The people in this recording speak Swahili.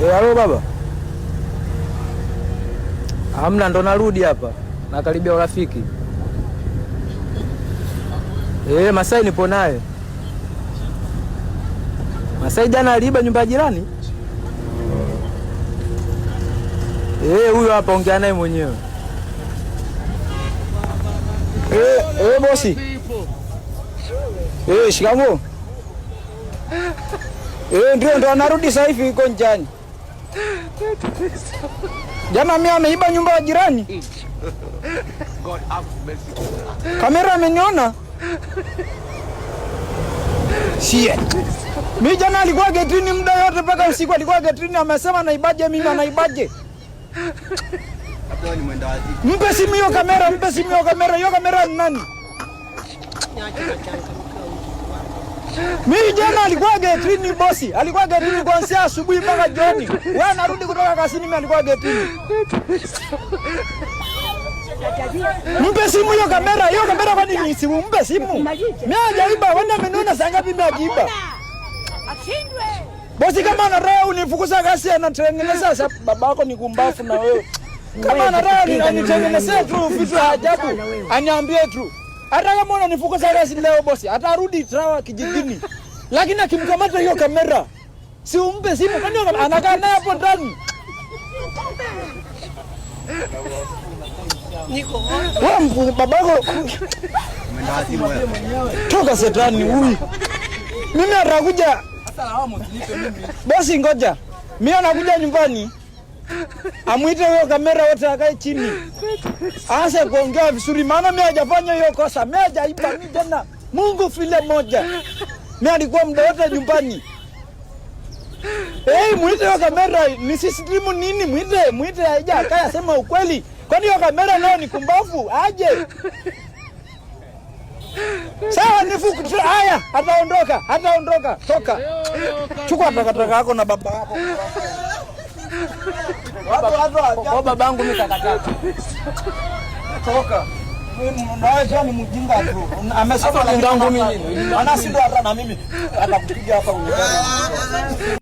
Eh, alo baba, hamna, ndo narudi hapa nakaribia urafiki. E, Masai nipo naye. Masai jana aliiba nyumba ya jirani eh, huyo. hapa ongea naye mwenyewe. E, eh bosi shikamo shikamoo. E, ndio ndo anarudi sasa hivi, iko njiani. Jana mimi ameiba nyumba ya jirani. Kamera ameniona. Shit. Mimi jana alikuwa getini muda yote mpaka usiku alikuwa getini amesema naibaje mimi anaibaje. Mpe simu hiyo kamera, mpe simu hiyo kamera, hiyo kamera ni nani? Mimi jana alikuwa getini bosi, alikuwa getini kuanzia asubuhi mpaka jioni. Wewe narudi kutoka kazini, mimi alikuwa getini. Mpe simu hiyo kamera, hiyo kamera kwa nini simu, mpe simu. Mimi hajaiba, wewe ameniona saa ngapi mimi hajiiba. Bosi kama ana roho unifukuza kazi anatengeneza sasa babako ni kumbafu na wewe. Kama ana roho anitengenezea tu vitu ajabu. Aniambie tu. Hata kama unanifukuza rasi leo bosi, atarudi trawa kijijini. Lakini akimkamata hiyo kamera, si umpe simu kwani anakaa naye hapo ndani. Niko wapi? Babako. Toka setani huyu. Mimi atakuja. Bosi ngoja. Mimi anakuja nyumbani. Amwite huyo kamera wote akae chini. Aanze kuongea vizuri maana mimi hajafanya hiyo kosa. Mimi hajaiba mimi tena. Mungu file moja. Mimi alikuwa muda wote nyumbani. Eh, mwite hiyo kamera ni sisitimu nini? Mwite, mwite aje akae asema ukweli. Kwani hiyo kamera nayo ni kumbavu? Aje. Sawa ni fuku haya, ataondoka, ataondoka. Toka. Chukua takataka yako na baba yako. Kwa babangu mimi kakataa. Toka. Mnaacha ni mjinga tu. Amesema mjinga wangu mimi. Ana si hata na mimi atakupiga hapa.